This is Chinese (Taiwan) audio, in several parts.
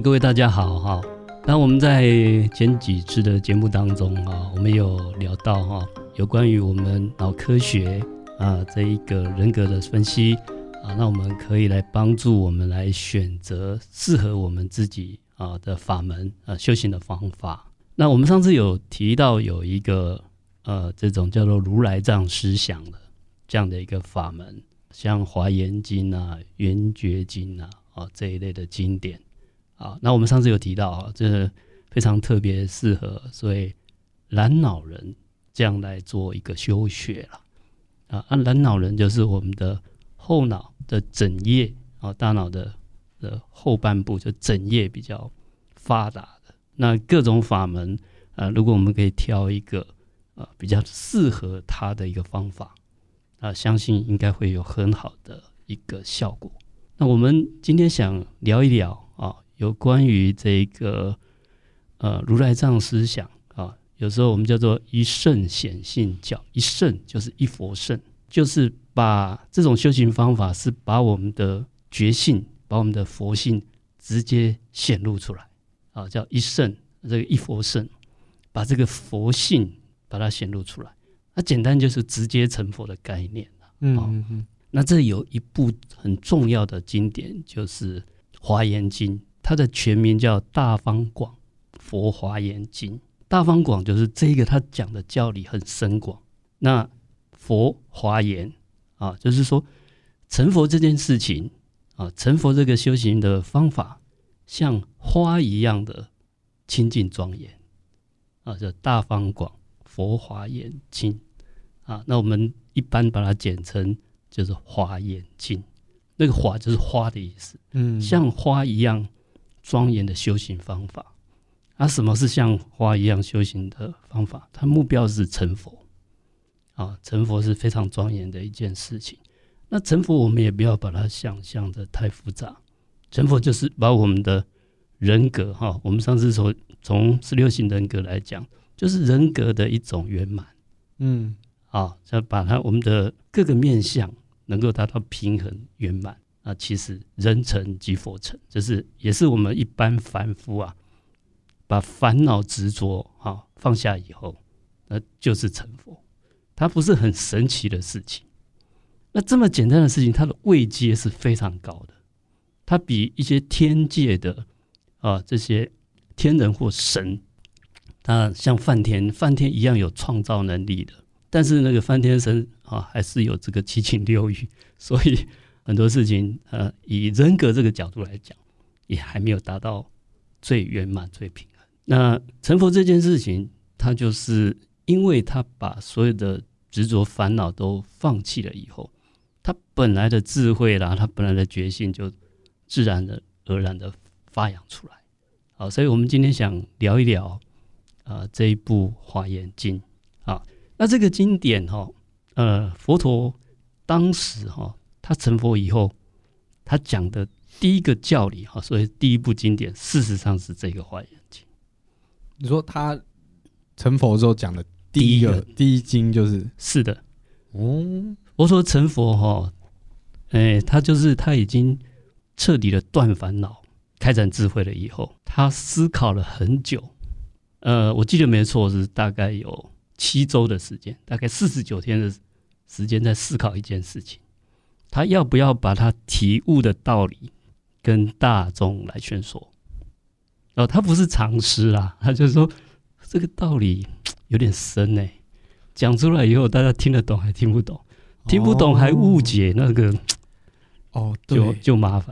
各位大家好哈。那我們在前幾次的節目當中啊，我們有聊到哈，有關於我們腦科學啊這一個人格的分析啊，那我們可以來幫助我們來選擇適合我們自己啊的法門啊，修行的方法。那我們上次有提到有一個呃，啊，這種叫做如來藏思想的這樣的一個法門，像華嚴經啊、圓覺經啊啊這一類的經典。啊，那我們上次有提到啊，這非常特別適合所以藍腦人這樣來做一個修學了啊。啊，藍腦人就是我們的後腦的枕葉啊，大腦的的後半部就枕葉比較發達的。那各種法門啊，如果我們可以挑一個啊比較適合他的一個方法啊，相信應該會有很好的一個效果。那我們今天想聊一聊。有關於這個呃如來藏思想啊，有時候我們叫做一聖顯性教，一聖就是一佛聖，就是把這種修行方法是把我們的覺性，把我們的佛性直接顯露出來啊，叫一聖這個一佛聖，把這個佛性把它顯露出來，那、啊、簡單就是直接成佛的概念。啊、嗯，嗯嗯，啊、那這有一部很重要的經典就是《華嚴經》。它的全名叫《大方廣佛華嚴經》，大方廣就是這個，他講的教理很深廣。那佛華嚴啊，就是說成佛這件事情啊，成佛這個修行的方法，像花一樣的清淨莊嚴啊，叫大方廣佛華嚴經啊。那我們一般把它簡稱就是《華嚴經》，那個華就是花的意思，嗯，像花一樣。莊嚴的修行方法，啊，什麼是像華嚴一樣修行的方法？它目標是成佛，啊，成佛是非常莊嚴的一件事情。那成佛，我們也不要把它想象的太複雜。成佛就是把我們的人格，哈、啊，我們上次從從十六型人格來講，就是人格的一種圓滿。嗯，啊，要把它我們的各個面向能夠達到平衡圓滿。那其實人成即佛成，就是也是我們一般凡夫啊，把煩惱執着啊放下以後，那就是成佛，它不是很神奇的事情。那這麼簡單的事情，它的位階是非常高的，它比一些天界的啊這些天人或神，他像梵天梵天，一樣有創造能力的，但是那個梵天神啊還是有這個七情六欲，所以。很多事情，呃，以人格這個角度來講，也還沒有達到最圓滿、最平衡。那成佛這件事情，他就是因為他把所有的執着、煩惱都放棄了以後，他本來的智慧啦，他本來的決心就自然的而然的發揚出來。好，所以我們今天想聊一聊，啊、呃，這一部《華嚴經》啊，那這個經典哈、哦，呃，佛陀當時哈、哦。他成佛以後，他講的第一個教理哈，所以第一部經典事實上是這個《華嚴經》。你說他成佛之後講的第一個第一經就是？是的，哦，我說成佛哈，哎，他就是他已經徹底的斷煩惱、開展智慧了以後，他思考了很久，呃，我記得沒錯是大概有七周的時間，大概四十九天的時間在思考一件事情。他要不要把他體悟的道理跟大眾來宣說？哦，他不是常識啦。他就是說這個道理有點深呢，欸，講出來以後大家聽得懂還聽不懂，聽不懂還誤解那個，哦，哦就就麻煩。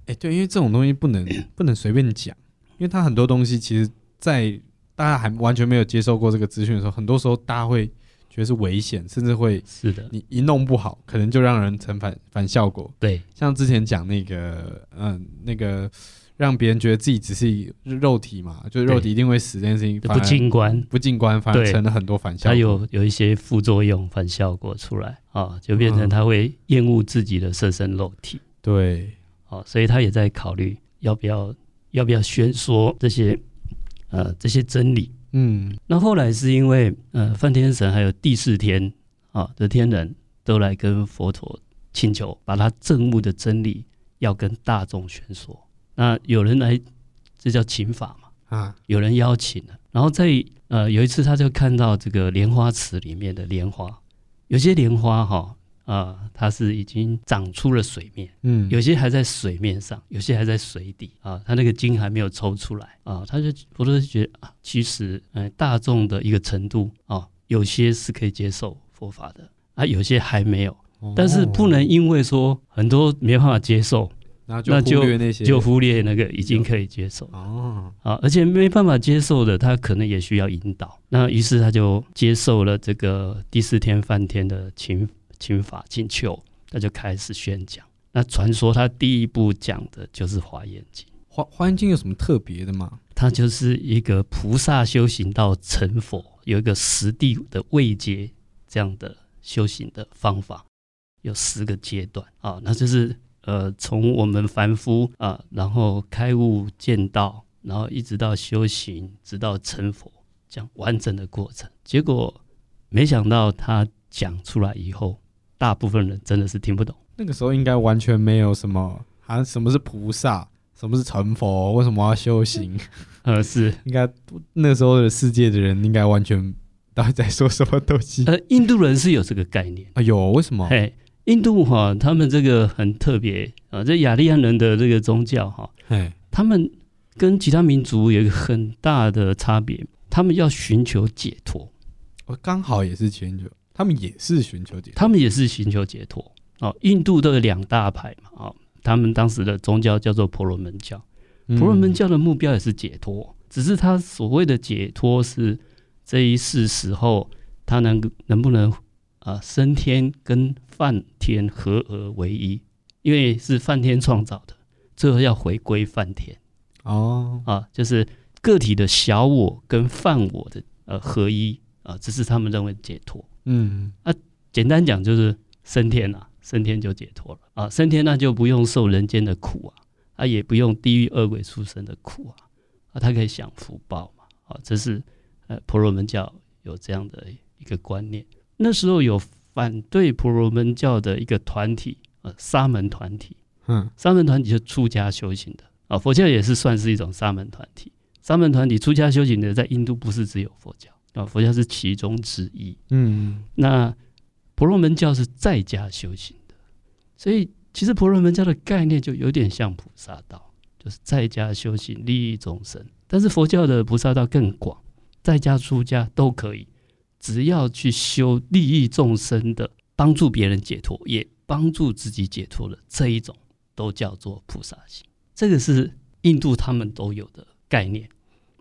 哎，欸，對，因為這種東西不能不能隨便講， 因為他很多東西其實在大家還完全沒有接受過這個資訊的時候，很多時候大家會覺得是危險，甚至會是的。你一弄不好，的可能就讓人成反反效果。對，像之前講那個，嗯，那個讓別人覺得自己只是肉體嘛，就是肉體一定會死對這件事情，不淨觀，不淨觀，反而成了很多反效果。他有有一些副作用、反效果出來啊、哦，就變成他會厭惡自己的色身肉體。對，哦，所以他也在考慮要不要要不要宣說這些，呃，這些真理。嗯，那後來是因為呃，梵天神還有帝釋天啊、哦、的天人，都來跟佛陀請求，把他證悟的真理要跟大眾宣說。那有人來，這叫請法嘛啊，有人邀請了。然後在呃有一次他就看到這個蓮花池裡面的蓮花，有些蓮花哈、哦。啊，它是已經長出了水面，嗯，有些還在水面上，有些還在水底啊。他那個莖還沒有抽出來啊，他就，我都覺得，啊其實，嗯、呃，大眾的一個程度啊，有些是可以接受佛法的啊，有些還沒有，哦、但是不能因為說很多沒辦法接受，哦、那，就那就忽略那些，就忽略那個已經可以接受就哦啊，而且沒辦法接受的，他可能也需要引導。嗯、那於是他就接受了這個第四天梵天的情。請法請求，他就開始宣講。那傳說他第一部講的就是《華嚴經》。《華華嚴經》有什麼特別的嗎？它就是一個菩薩修行到成佛，有一個十地的位階，這樣的修行的方法，有十個階段啊。那就是呃，從我們凡夫啊，然後開悟見道，然後一直到修行，直到成佛這樣完整的過程。結果沒想到他講出來以後，大部分人真的是聽不懂。那個時候應該完全沒有什麼，好像什麼是菩薩，什麼是成佛，為什麼要修行？呃，是應該那時候的世界的人應該完全到底在說什麼東西？呃，印度人是有這個概念。哎、啊、有為什麼？哎，印度哈、啊，他們這個很特別啊、呃，這雅利安人的這個宗教哈、啊，嘿，他們跟其他民族有一個很大的差別，他們要尋求解脫。我剛好也是尋求。他們也是尋求解，他們也是尋求解脫。哦，印度都有兩大派嘛，啊、哦，他們當時的宗教叫做婆羅門教，婆羅門教的目標也是解脫，嗯、只是他所謂的解脫是這一世時候，他能能不能啊、呃、升天跟梵天合而為一？因為是梵天創造的，最後要回歸梵天。哦，啊、哦，就是個體的小我跟梵我的呃合一。啊，這是他們認為解脫。嗯，啊，簡單講就是升天啊，升天就解脫了啊，升天那就不用受人間的苦啊，啊，也不用地獄惡鬼畜生的苦啊，啊他可以享福報嘛。啊，這是呃婆羅門教有這樣的一個觀念。那時候有反對婆羅門教的一個團體，呃、啊，沙門團體。嗯，沙門團體是出家修行的啊，佛教也是算是一種沙門團體。沙門團體出家修行的，在印度不是只有佛教。啊，佛教是其中之一。嗯，那婆羅門教是在家修行的，所以其實婆羅門教的概念就有點像菩薩道，就是在家修行，利益眾生。但是佛教的菩薩道更廣，在家出家都可以，只要去修利益眾生的，幫助別人解脫，也幫助自己解脫了，這一種都叫做菩薩心。這個是印度他們都有的概念。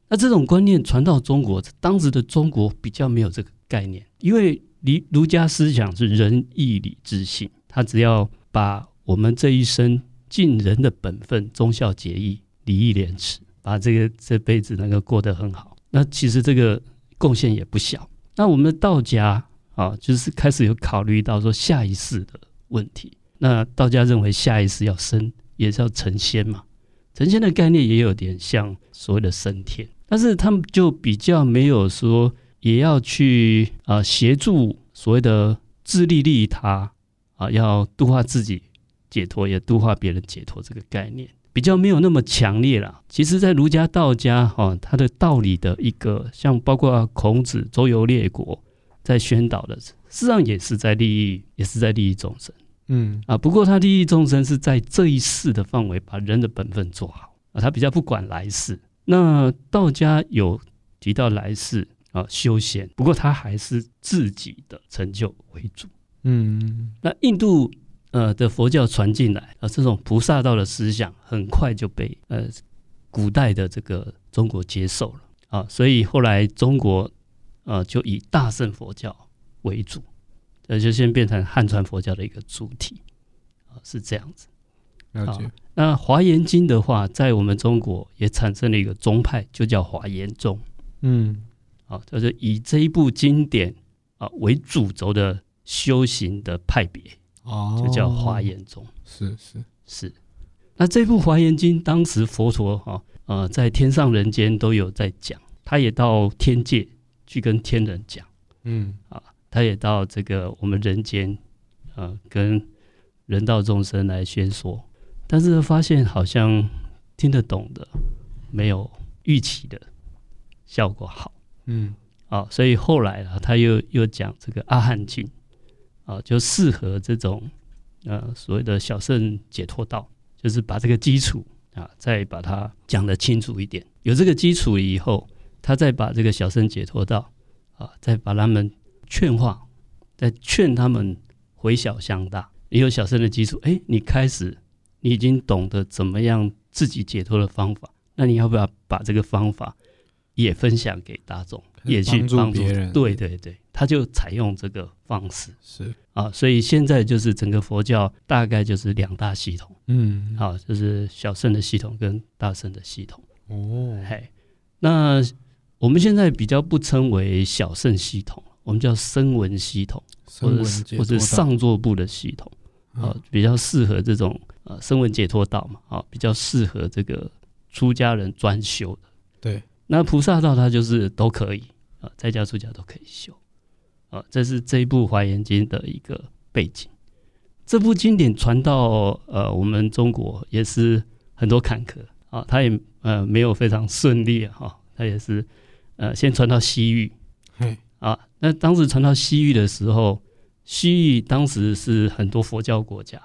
那這種觀念傳到中國，當時的中國比較沒有這個概念，因為儒儒家思想是仁義禮智信，他只要把我們這一生盡人的本分，忠孝節義、禮義廉恥，把這個這輩子能夠過得很好。那其實這個貢獻也不小。那我們的道家啊，就是開始有考慮到說下一世的問題。那道家認為下一世要生，也是要成仙嘛？成仙的概念也有點像所謂的升天。但是他們就比較沒有說，也要去啊、呃、協助所謂的自利利他啊、呃，要度化自己解脫，也度化別人解脫，這個概念比較沒有那麼強烈啦。其實，在儒家、道家哈、呃，他的道理的一個像，包括孔子周遊列國在宣導的，事實上也是在利益，也是在利益眾生。嗯啊、呃，不過他利益眾生是在這一世的範圍，把人的本分做好啊、呃，他比較不管來世。那道家有提到來世啊，修仙，不過他還是自己的成就為主。嗯，嗯，嗯，那印度呃的佛教傳進來啊，這種菩薩道的思想，很快就被呃古代的這個中國接受了啊，所以後來中國啊就以大乘佛教為主，而且先變成漢傳佛教的一個主體，是這樣子。了解。啊那《華嚴經》的話，在我們中國也產生了一個宗派，就叫華嚴宗。嗯，啊，就是以這一部經典啊為主軸的修行的派別，啊，就叫華嚴宗。是是是。那這部《華嚴經》，當時佛陀哈啊、呃、在天上人間都有在講，他也到天界去跟天人講，嗯，啊，他也到這個我們人間，啊、呃，跟人道眾生來宣說。但是發現好像聽得懂的沒有預期的效果好，嗯，啊，所以後來啊，他又又講這個阿含經，啊，就適合這種呃、啊、所謂的小聖解脫道，就是把這個基礎啊再把它講得清楚一點。有這個基礎以後，他再把這個小聖解脫道啊再把他們勸化，再勸他們回小向大，也有小聖的基礎，哎、欸，你開始。你已經懂得怎麼樣自己解脫的方法，那你要不要把這個方法也分享給大眾，也，也去幫助別人？對對對，他就採用這個方式是啊，所以現在就是整個佛教大概就是兩大系統，嗯，好、啊，就是小乘的系統跟大乘的系統哦。嘿，那我們現在比較不稱為小乘系統，我們叫聲聞系統，或者或者上座部的系統啊，嗯、比較適合這種。呃，聲聞解脫道嘛，啊、哦，比較適合這個出家人專修的。對，那菩薩道它就是都可以，啊、呃，在家出家都可以修。啊、呃，這是這一部《華嚴經》的一個背景。這部經典傳到呃，我們中國也是很多坎坷啊，它也呃沒有非常順利哈，它、啊、也是呃先傳到西域。對嘿。啊，那當時傳到西域的時候，西域當時是很多佛教國家。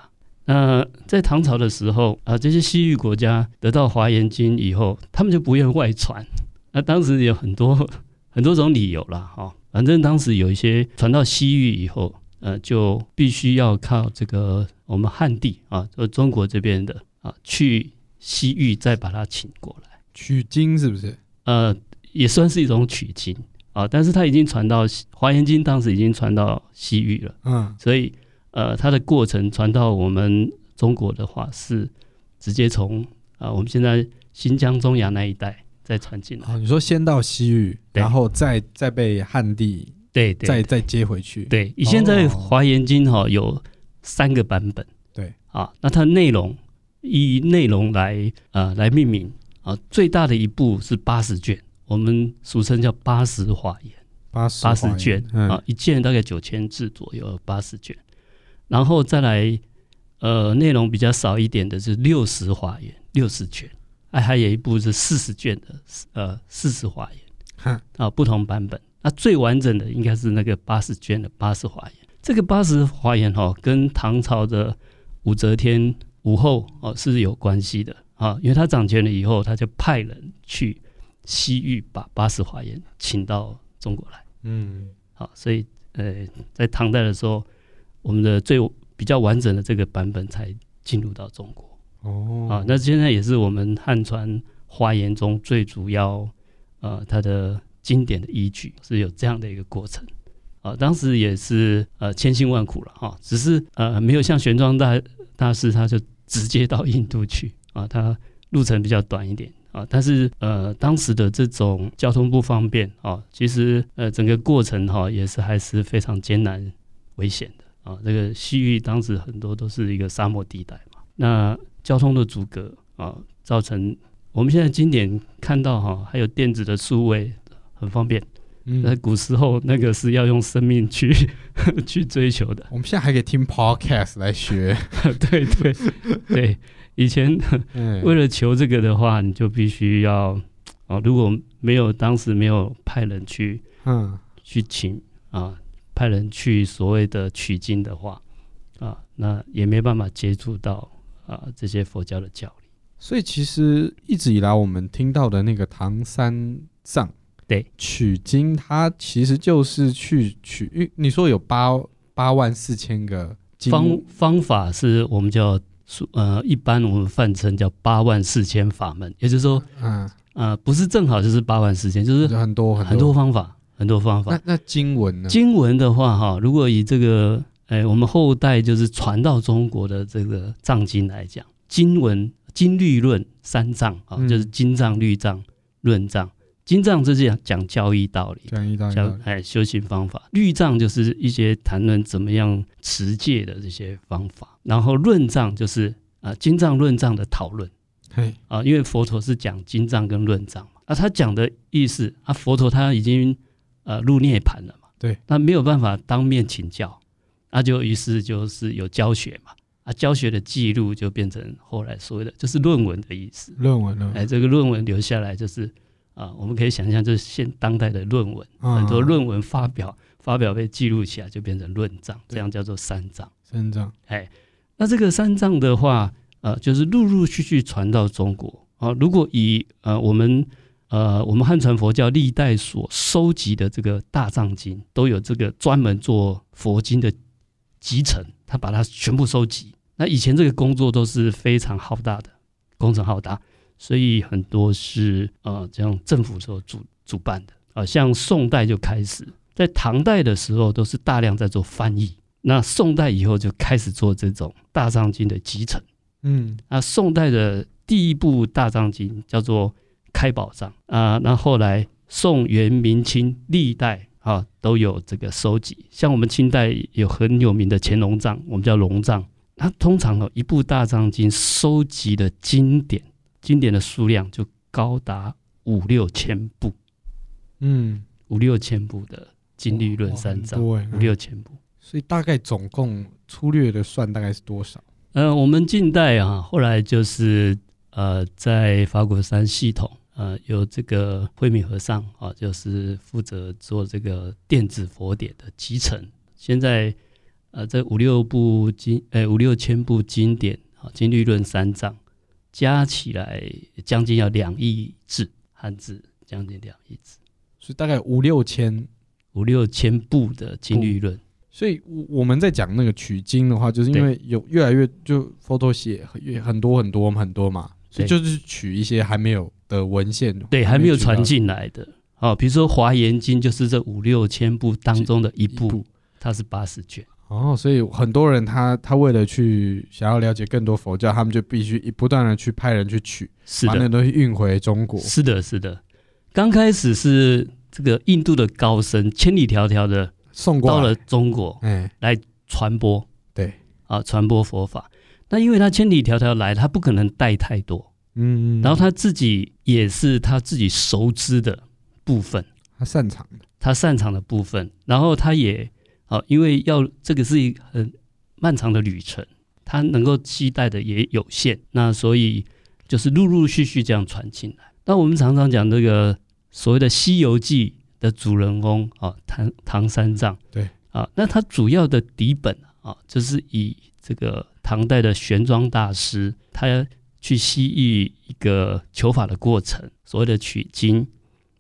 那、呃、在唐朝的時候啊、呃，這些西域國家得到《華嚴經》以後，他們就不願外傳。那、啊、當時有很多很多種理由了哈、哦，反正當時有一些傳到西域以後，呃，就必須要靠這個我們漢地啊，就中國這邊的啊，去西域再把它請過來取經，是不是？呃，也算是一種取經啊，但是他已經傳到《華嚴經》，當時已經傳到西域了，嗯，所以。呃，它的過程傳到我們中國的話，是直接從啊、呃，我們現在新疆中亞那一帶再傳進來。哦、你說先到西域，對然後再再被漢地對,對,對，再再接回去。對，以現在《華嚴經》哈、哦、有三個版本。對啊、哦，那它的內容以內容來啊、呃、來命名啊，最大的一部是八十卷，我們俗稱叫八十華嚴，八十卷、嗯、啊，一卷大概九千字左右，八十卷。然後再來，呃，內容比較少一點的是六十華嚴，六十卷，哎，還有一部是四十卷的，呃，四十華嚴哈啊，不同版本。那、啊、最完整的應該是那個八十卷的八十華嚴，這個八十華嚴哦，跟唐朝的武則天、武後哦是有關係的啊，因為他掌權了以後，他就派人去西域把八十華嚴請到中國來。嗯，好、啊，所以呃，在唐代的時候。我們的最比較完整的這個版本才進入到中國哦、oh. 啊，那現在也是我們漢傳華嚴中最主要，呃，它的經典的依據，是有這樣的一個過程啊，當時也是呃千辛萬苦了哈、啊，只是呃、啊、沒有像玄奘大大師他就直接到印度去啊，他路程比較短一點啊，但是呃當時的這種交通不方便啊，其實呃整個過程哈、啊、也是還是非常艱難危險的。啊、這個西域當時很多都是一個沙漠地帶嘛，那交通的阻隔啊，造成我們現在經典看到哈、啊，還有電子的數位很方便，那、嗯、古時候那個是要用生命去呵呵去追求的。我們現在還可以聽 Podcast 來學， 對對對，以前 為了求這個的話，你就必須要啊，如果沒有當時沒有派人去，嗯，去請啊。派人去所謂的取經的話，啊，那也沒辦法接觸到啊這些佛教的教理。所以其實一直以來我們聽到的那個唐三藏，對，取經，他其實就是去取。你說有八八萬四千個經方方法，是我們叫呃一般我們泛稱叫八萬四千法門，也就是說，嗯、啊、呃，不是正好就是八萬四千，就是很多很多，很多方法。很多方法。那那經文呢？經文的話，哈，如果以這個，哎，我們後代就是傳到中國的這個藏經來講，經文、經律論三藏啊，就是經藏、律藏、論藏。經藏這是講講教義道理，教義道理，哎，修行方法。律藏就是一些談論怎麼樣持戒的這些方法，然後論藏就是啊，經藏論藏的討論。對啊，因為佛陀是講經藏跟論藏嘛，啊，他講的意思，他、啊、佛陀他已經。呃，入涅槃了嘛？對，那沒有辦法當面請教，那、啊、就於是就是有教學嘛，啊，教學的記錄就變成後來所謂的就是論文的意思。論文，論文哎，這個論文留下來就是啊、呃，我們可以想象就是現當代的論文，嗯、很多論文發表，發表被記錄起來就變成論藏，這樣叫做三藏。三藏，哎，那這個三藏的話，呃，就是陸陸續續，續傳到中國啊。如果以呃我們。呃，我們漢傳佛教歷代所收集的這個大藏經，都有這個專門做佛經的集成，他把它全部收集。那以前這個工作都是非常浩大的工程，浩大，所以很多是呃，這樣政府所主主辦的啊，呃，像宋代就開始，在唐代的時候都是大量在做翻譯，那宋代以後就開始做這種大藏經的集成。嗯，啊，宋代的第一部大藏經叫做。開寶藏啊，那、呃、後來宋、元、明清歷代啊、哦、都有這個收集。像我們清代有很有名的乾隆藏，我們叫龍藏。它通常呢、哦，一部大藏經收集的經典，經典的數量就高達五六千部。嗯，五六千部的金《經律論三藏》哦，哦、五六千部，所以大概總共粗略的算，大概是多少？嗯、呃，我們近代啊，後來就是呃，在法鼓山系統。呃，有這個惠敏和尚啊，就是負責做這個電子佛典的集成。現在，呃、啊，這五六部經，呃、欸，五六千部經典啊，《經律論三藏》加起來將近要兩億字漢字，將近兩億字，所以大概五六千五六千部的《經律論》。所以，我我們在講那個取經的話，就是因為有越來越就佛陀寫很很多很多很多嘛。所以就是取一些還沒有的文獻，對，還沒有傳進來的。哦，比如說《華嚴經》，就是這五六千部當中的一部，一部，它是八十卷。哦，所以很多人他他為了去想要了解更多佛教，他們就必須不斷的去派人去取，是的，把那東西運回中國。是的，是的。剛開始是這個印度的高僧千里迢迢的送到了中國，嗯，來傳播，對，啊，傳播佛法。那因為他千里迢迢來，他不可能帶太多，嗯，嗯，嗯，然後他自己也是他自己熟知的部分，他擅長的，他擅長的部分，然後他也，啊、哦，因為要這個是一個很漫長的旅程，他能夠攜帶的也有限，那所以就是陸陸續續這樣傳進來。那我們常常講這個所謂的《西遊記》的主人公啊、哦，唐唐三藏，嗯、對，啊、哦，那他主要的底本啊、哦，就是以這個。唐代的玄奘大師，他去西域一個求法的過程，所謂的取經，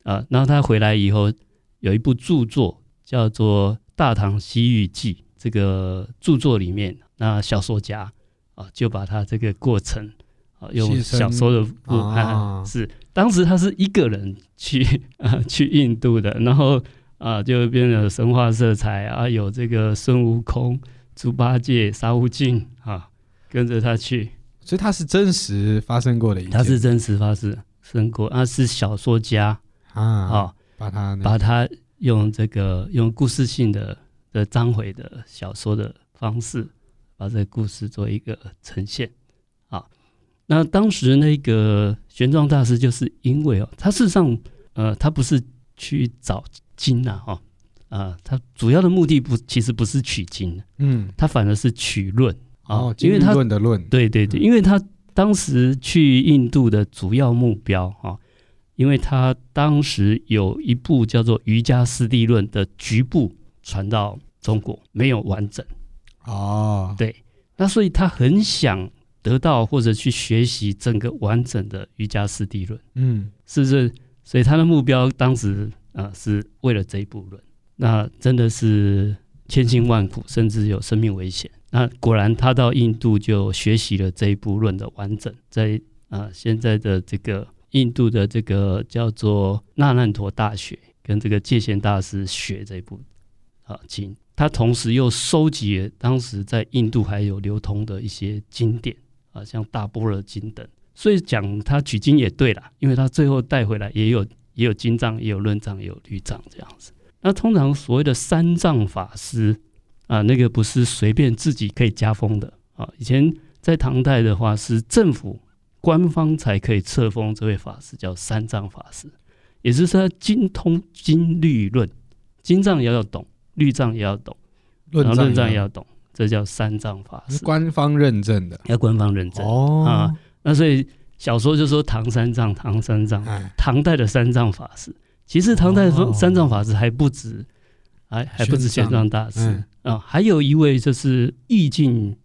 啊，然後他回來以後有一部著作叫做《大唐西域記》。這個著作裡面，那小說家啊，就把他這個過程啊用小說的部分啊是，當時他是一個人去啊去印度的，然後啊就變成神話色彩啊，有這個孫悟空。豬八戒沙悟淨啊，跟着他去，所以他是真實發生過的一，他是真實發生過啊，他是小說家啊，哦，把他把他用這個用故事性的的章回的小說的方式，把這個故事做一個呈現啊。那當時那個玄奘大師就是因為哦，他事實上呃，他不是去找經啊。哈。啊，他、呃、主要的目的不，其實不是取經，嗯，他反而是取論、啊、哦，論論，因為他的論，對對對，嗯、因為他當時去印度的主要目標啊，因為他當時有一部叫做《瑜伽師地論》的局部傳到中國，沒有完整，哦，對，那所以他很想得到或者去學習整個完整的《瑜伽師地論》，嗯，是不是？所以他的目標當時啊、呃、是為了這一部論。那真的是千辛萬苦，甚至有生命危險。那果然，他到印度就學習了這一部論的完整，在啊、呃、現在的這個印度的這個叫做那爛陀大學，跟這個戒賢大師學這一部啊經。他同時又收集了當時在印度還有流通的一些經典啊，像《大般若經》等。所以講他取經也對了，因為他最後帶回來也有、也有經藏，也有論藏，也有律藏這樣子。那通常所謂的三藏法師啊，那個不是隨便自己可以加封的啊。以前在唐代的話，是政府官方才可以冊封這位法師，叫三藏法師，也就是說精通經律論，經藏也要懂，律藏也要懂，論論藏也要懂，這叫三藏法師。是官方認證的。要官方認證哦。啊，那所以小說就說唐三藏，唐三藏，哎、唐代的三藏法師。其實，唐代三藏法師還不止，哦、還玄奘還不止玄奘大師啊、嗯呃，還有一位就是義淨，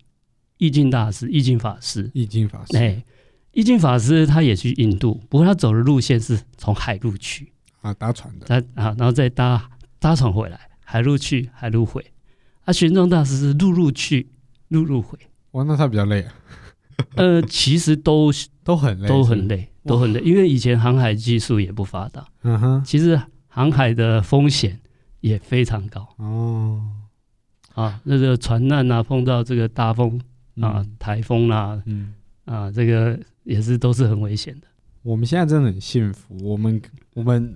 義淨大師，義淨法師，義淨法師，哎，義淨法師他也去印度，不過他走的路線是從海路去啊，搭船的，啊，然後再搭搭船回來，海路去，海路回。啊，玄奘大師是陸路去，陸路回。哇，那他比較累啊。 呃，其實都都很累，都很累。都很累，因為以前航海技術也不發達。嗯哼哇，其實航海的風險也非常高。哦，啊，那個船難啊，碰到這個大風啊，台風啦，嗯，啊，嗯啊，這個也是都是很危險的。我們現在真的很幸福。我們我們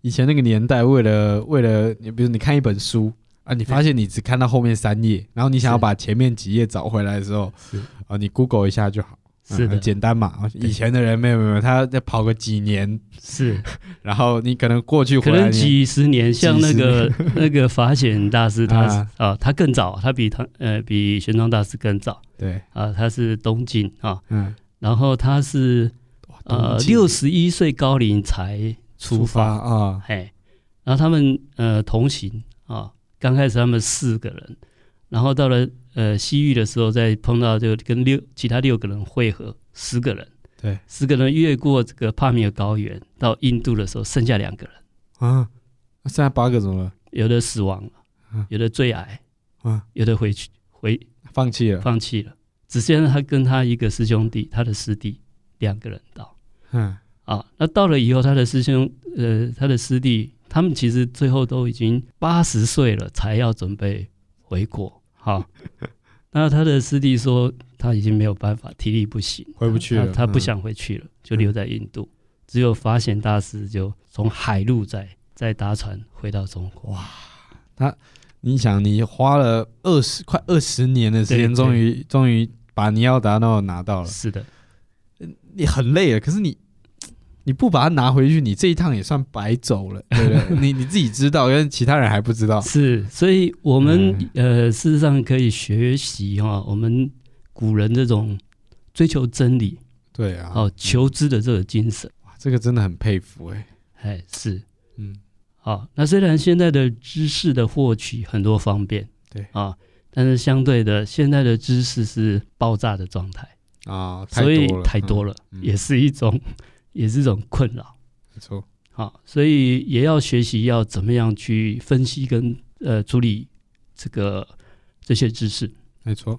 以前那個年代為，為了為了你，比如你看一本書啊，你發現你只看到後面三頁，是然後你想要把前面幾頁找回來的時候，是啊，你 Google 一下就好。是的，嗯、很簡單嘛。以前的人沒有沒有，他要跑個幾年是，然後你可能過去可能幾十年，像那個像那個法顯 大師他，他啊，啊，他更早，他比他呃比玄奘大師更早，對啊，他是東晉啊，嗯，然後他是呃六十一歲高齡才出發，出發啊，嘿，然後他們呃同行啊，剛開始他們四個人。然後到了呃西域的時候，再碰到就跟六其他六個人會合十個人，對，十個人越過這個帕米爾高原到印度的時候，剩下兩個人啊，剩下八個怎麼了？有的死亡了，啊、有的墜崖，啊，有的回去回放棄了，放棄了，只剩下他跟他一個師兄弟，他的師弟兩個人到，嗯，啊，那到了以後，他的師兄呃，他的師弟他們其實最後都已經八十歲了，才要準備回國。 好，那他的師弟說他已經沒有辦法，體力不行，回不去了他，他不想回去了，嗯、就留在印度。只有法顯大師就從海路再、嗯、再搭船回到中國。哇，他，你想，你花了二十、嗯、快二十年的時間，終於終於把《尼奧達諾》拿到了。是的，你很累了，可是你。你不把它拿回去，你這一趟也算白走了，對不對？你你自己知道，因為其他人還不知道。是，所以，我們呃，事實上可以學習哈，我們古人這種追求真理，對啊，哦，求知的這個精神，哇，這個真的很佩服哎，哎，是，嗯，好，那雖然現在的知識的獲取很多方便，對啊，但是相對的，現在的知識是爆炸的狀態啊，所以太多了，也是一種。也是一種困擾，沒錯。好，所以也要學習要怎麼樣去分析跟呃處理這個這些知識，沒錯。